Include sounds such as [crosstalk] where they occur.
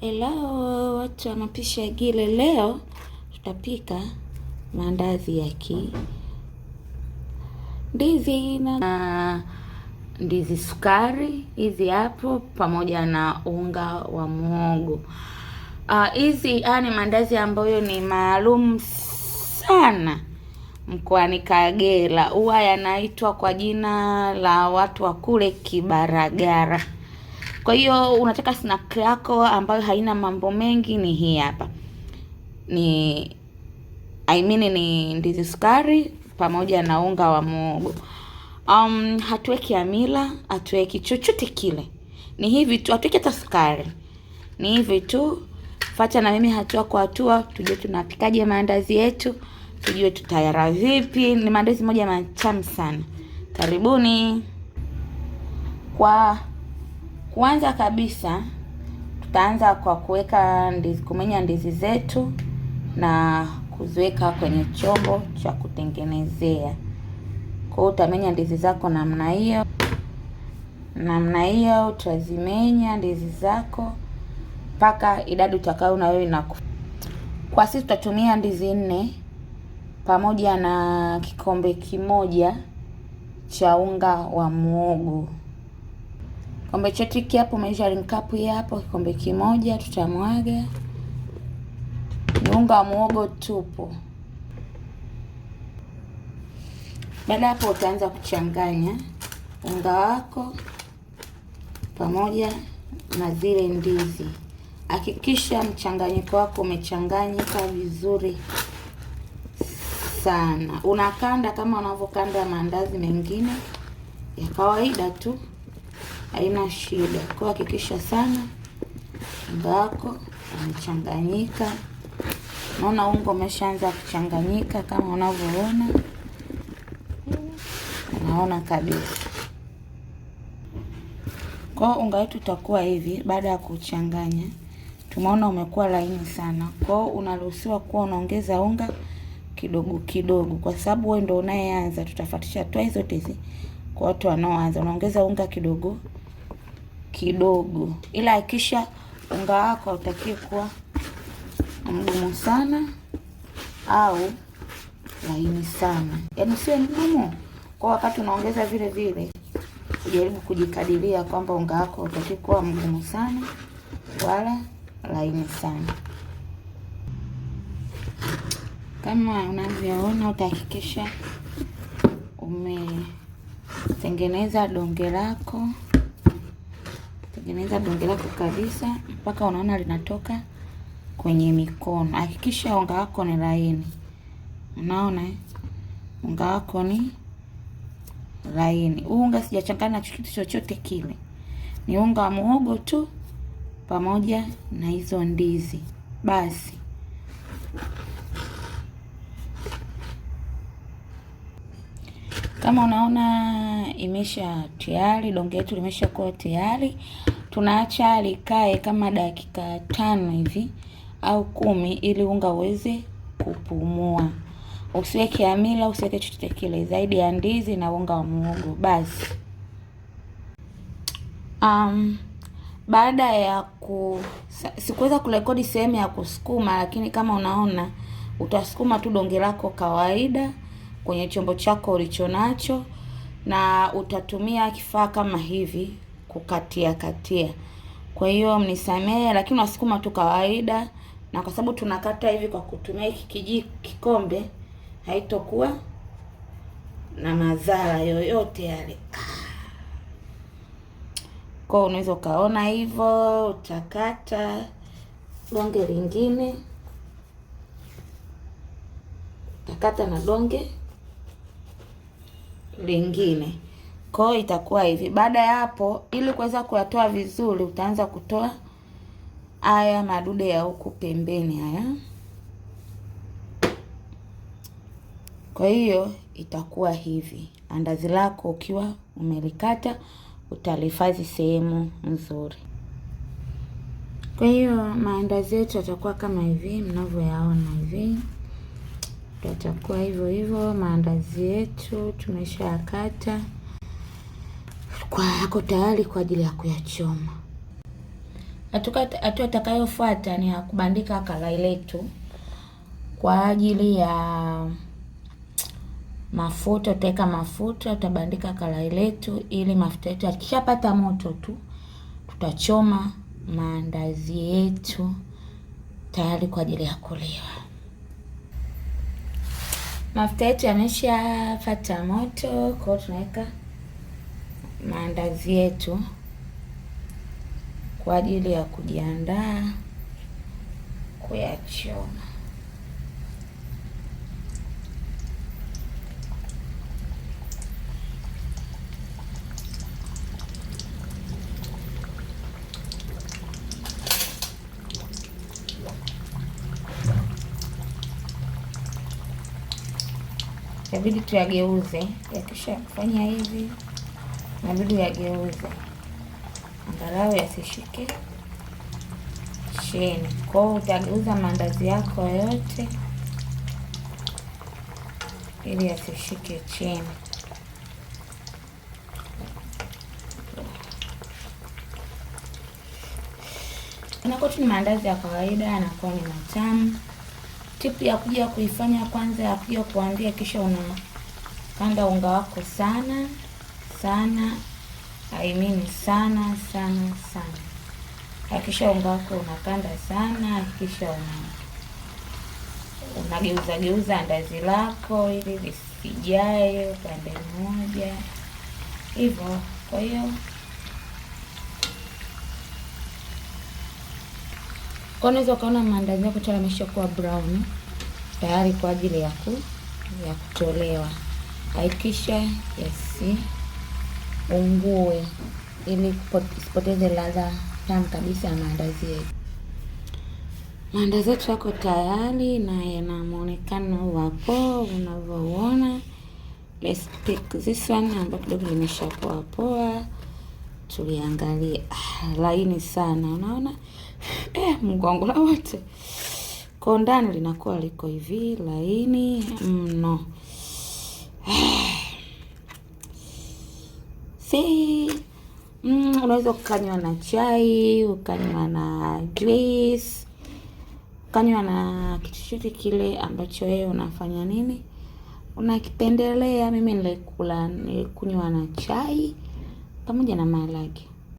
Hello, watu wa mapishi ya Gile, leo tutapika maandazi ya ki ndizi na ndizi sukari hizi hapo, pamoja na unga wa muhogo. Ah, hizi uh, ni maandazi ambayo ni maalum sana mkoani Kagera, huwa yanaitwa kwa jina la watu wa kule Kibaragara. Kwa hiyo unataka snack yako ambayo haina mambo mengi, ni hii hapa ni I mean ni ndizi sukari pamoja na unga wa mogo. Um, hatuweki amila, hatuweki chochote kile, ni hivi tu, hatuweki hata sukari, ni hivi tu. Fata na mimi hatua kwa hatua, tujue tunapikaje maandazi yetu, tujue tutayara vipi. Ni maandazi moja matamu sana. Karibuni kwa kwanza kabisa tutaanza kwa kuweka ndizi, kumenya ndizi zetu na kuziweka kwenye chombo cha kutengenezea. Kwa hiyo utamenya ndizi zako namna hiyo, namna hiyo utazimenya ndizi zako mpaka idadi utakayo na wewe. Na kwa sisi tutatumia ndizi nne pamoja na kikombe kimoja cha unga wa muogo. Kikombe chetu hiki hapo, measuring cup hii hapo, kikombe kimoja tutamwaga. Ni unga wa muogo tupu. Baada hapo, utaanza kuchanganya unga wako pamoja na zile ndizi. Hakikisha mchanganyiko wako umechanganyika vizuri sana. Unakanda kama unavyokanda maandazi mengine ya kawaida tu haina shida. Kwa hakikisha sana unga wako umechanganyika. Naona unga umeshaanza kuchanganyika kama unavyoona, unaona kabisa. Kwa unga wetu utakuwa hivi baada ya kuchanganya. Tumeona umekuwa laini sana. Kwa hiyo unaruhusiwa kuwa unaongeza unga kidogo kidogo kwa sababu wewe ndio unayeanza. Tutafuatisha hatua hizo hizi kwa watu wanaoanza. Unaongeza unga kidogo kidogo, ila hakikisha unga wako hautakie kuwa mgumu sana au laini sana, yaani sio mgumu kwa wakati unaongeza vile vile, ujaribu kujikadiria kwamba unga wako hautakie kuwa mgumu sana wala laini sana. Kama unavyoona, utahakikisha umetengeneza donge lako tengeneza donge lako kabisa mpaka unaona linatoka kwenye mikono. Hakikisha unga wako ni laini, unaona unga wako ni laini. unga sijachanganya kitu chochote kile, ni unga wa muhogo tu pamoja na hizo ndizi basi. Kama unaona imesha tayari, donge yetu limesha kuwa tayari tunaacha likae kama dakika tano hivi au kumi ili unga uweze kupumua. Usiweke amila, usiweke chochote kile zaidi ya ndizi na unga wa muhogo basi. Um, baada ya ku sikuweza kurekodi sehemu ya kusukuma, lakini kama unaona utasukuma tu donge lako kawaida kwenye chombo chako ulichonacho, na utatumia kifaa kama hivi kukatia katia. Kwa hiyo mnisamehe, lakini wasukuma tu kawaida, na kwa sababu tunakata hivi kwa kutumia hiki kijiko kikombe, haitokuwa na madhara yoyote yale. Kwa unaweza ukaona hivyo, utakata donge lingine, utakata na donge lingine. Kwa hiyo itakuwa hivi. Baada ya hapo, ili kuweza kuyatoa vizuri, utaanza kutoa haya madude ya huku pembeni haya. Kwa hiyo itakuwa hivi. Andazi lako ukiwa umelikata utalihifadhi sehemu nzuri. Kwa hiyo maandazi yetu yatakuwa kama hivi mnavyoyaona hivi, yatakuwa hivyo hivyo maandazi yetu tumeshayakata kwa yako tayari kwa ajili ya kuyachoma. Hatua itakayofuata ni ya kubandika kalai letu kwa ajili ya mafuta. Utaweka mafuta, utabandika kalai letu ili mafuta yetu yakishapata moto tu tutachoma maandazi yetu tayari kwa ajili ya kuliwa. Mafuta yetu yameshapata moto, kwa hiyo tunaweka maandazi yetu kwa ajili ya kujiandaa kuyachoma. Itabidi tuyageuze, yakisha kufanya hivi nabidi yageuze angalau yasishike chini. Kwa hiyo utageuza maandazi yako yote ili yasishike chini. Inakuwa ni maandazi ya kawaida, yanakuwa ni matamu. Tipu ya kuja kuifanya kwanza ya kuja kuandia, kisha unakanda unga wako sana sana, I mean sana sana sana. Hakikisha unga wako unakanda sana, hakikisha unageuza geuza andazi lako ili lisijae upande mmoja hivyo. Kwa hiyo kwa unaweza ukaona maandazi yako tayari yameshakuwa brown tayari kwa ajili ya ku ya kutolewa. Hakikisha yes ungue ili isipoteze ladha tamu kabisa ya maandazi yetu. Maandazi yetu yako tayari na yana muonekano wa poa unavyouona. Let's pick this one ambayo kidogo limeshakuwa poa, tuliangalia Ah, laini sana, unaona [laughs] eh, mgongo la wote ko ndani linakuwa liko hivi laini mno. Mm, see mm, unaweza ukanywa na chai, ukanywa na juice, ukanywa na kitu chochote kile ambacho wewe unafanya nini unakipendelea. Mimi nilikula nilikunywa na chai pamoja na maharage.